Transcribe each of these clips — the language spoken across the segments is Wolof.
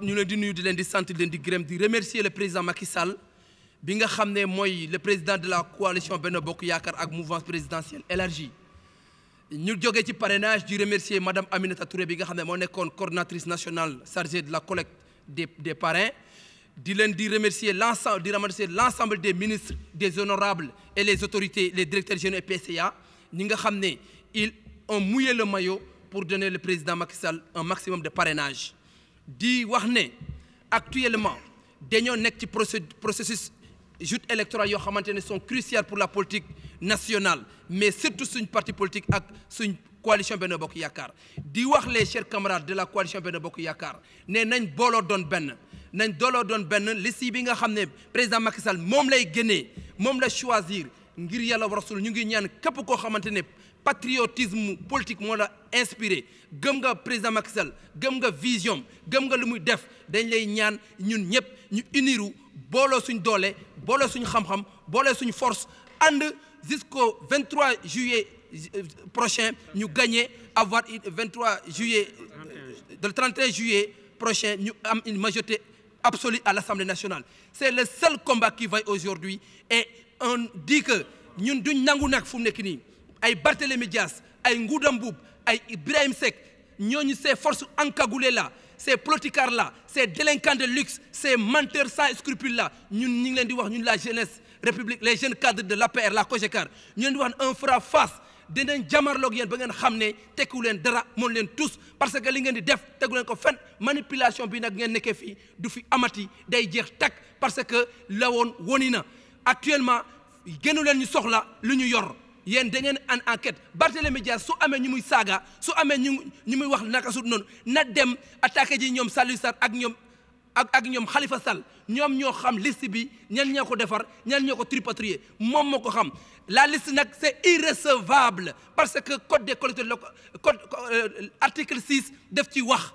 ñu leen di nuyu di leen di sant di leen di gërëm di remercier le président Macky Sall bi xam ne mooy le président de la coalition Benno Bokk Yaakaar ak mouvance présidentielle élargie ñu joge ci parrainage di remercier madame Aminata Touré bi nga xam ne moo nekkoon coordonnatrice nationale chargée de la collecte des des di leen di remercier l'ensemble di remercier l'ensemble des ministres des honorables et les autorités les directeurs généraux et PCA ñi nga xam ne ils ont mouillé le maillot pour donner le président Macky Sall un maximum de parrainage di wax ne actuellement dañoo nekk ci processus joutes électorales yoo xamante ne sont cruciales pour la politique nationale mais surtout suñ parti politique ak suñ coalition Benno Bokk Yaakaar di wax les chers camarades de la coalition Benno Bokk Yaakaar ne nañ booloo doon benn nañ booloo doon benn liste bi nga xam ne président Macky moom lay génnee moom la choisir ngir yàlla wa rasul ñu ngi ñaan képp koo xamante ne patriotisme politique moo la inspiré gëm nga président Macky Sall gëm nga vision gëm nga lu muy def dañ lay ñaan ñun ñëpp ñu uniru booloo suñ doole booloo suñ xamxam xam booloo suñ force ànd jusqu'au 23 juillet euh, prochain ñu gagné avoir 23 juillet le euh, 31 juillet prochain ñu am une majorité absolue à l'Assemblée nationale c'est le seul combat qui vaille aujourd'hui et on dit que ñun duñ nangu nag fu mu nekk nii ay Barthélémy Dias ay Ngouda Mboup ay Ibrahim Seck ñooñu force forces encagoulées là ces politicards là ces délinquants de luxe ces menteurs sans scrupules la ñun ñu ngi leen di wax ñun la jeunesse république les jeunes cadres de l'APR la COJECAR ñu leen di wax en fera face dinañ jamarloog yéen ba ngeen xam ne tekkiwu leen dara moom leen tous parce que li ngeen di def tegu leen ko fen manipulation bi nag ngeen nekkee fii du fi amati day jeex takk parce que la woon na actuellement génnu leen ñu soxla lu ñu yor yéen da ngeen en enquête Barthélemy Dias su amee ñu muy saaga su amee ñu ñu muy wax naka su noonu na dem attaqué ji ñoom Saliou Sarr ak ñoom ak ak ñoom Khalifa sal ñoom ñoo xam liste bi ñan ñoo ko defar ñan ñoo ko tripatrier moom moo ko xam la liste nag c'est irrecevable parce que code des collectivités locales code euh, article 6 def ci wax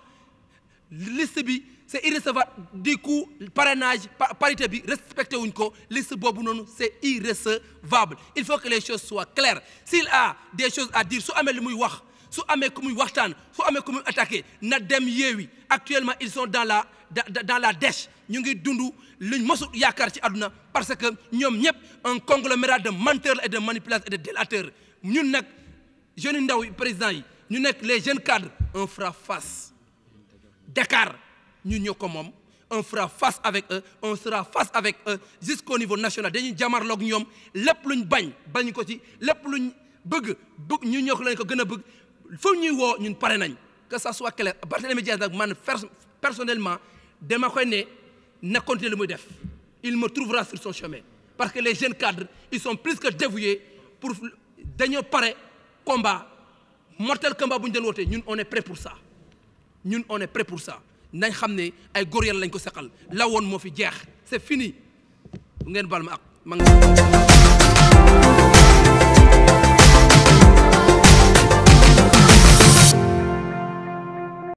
liste bi c'est irrecevable du coup parrainage parité bi respecté wuñ ko liste boobu noonu c'est irrecevable il faut que les choses soient claires s'il a des choses à dire su amee lu muy wax su amee ku muy waxtaan su amee ku muy attaqué na dem yeewi actuellement ils sont dans la dans la dèche ñu ngi dund luñ mësul yaakaar ci àdduna parce que ñoom ñëpp un conglomérat de menteurs et de manipulateurs et de délateurs ñun nag jeunes ndaw yi président yi ñu nekk les jeunes cadres on fera face Dakar ñun ñoo ko moom on fera face avec eux on sera face avec eux jusqu'au niveau national dañuy jamarloog ñoom lépp luñ bañ bañ ko ci lépp luñ bëgg bëgg ñu ñoo lañ ko gën a bëgg fu ñuy woo ñun pare nañ que ça soit clair Barthélémy Dias nag man personnellement dama koy ne na continuer lu muy def il me trouvera sur son chemin parce que les jeunes cadres ils son plus que dévoués pour daño pare combat mortel combat bu ñu doon wootee ñun on est prêt pour ça ñun on est prêt pour sa nañ xam ne ay góor yàlla lañ ko saqal la woon moo fi jeex c'est fini ngeen baal ma ak ma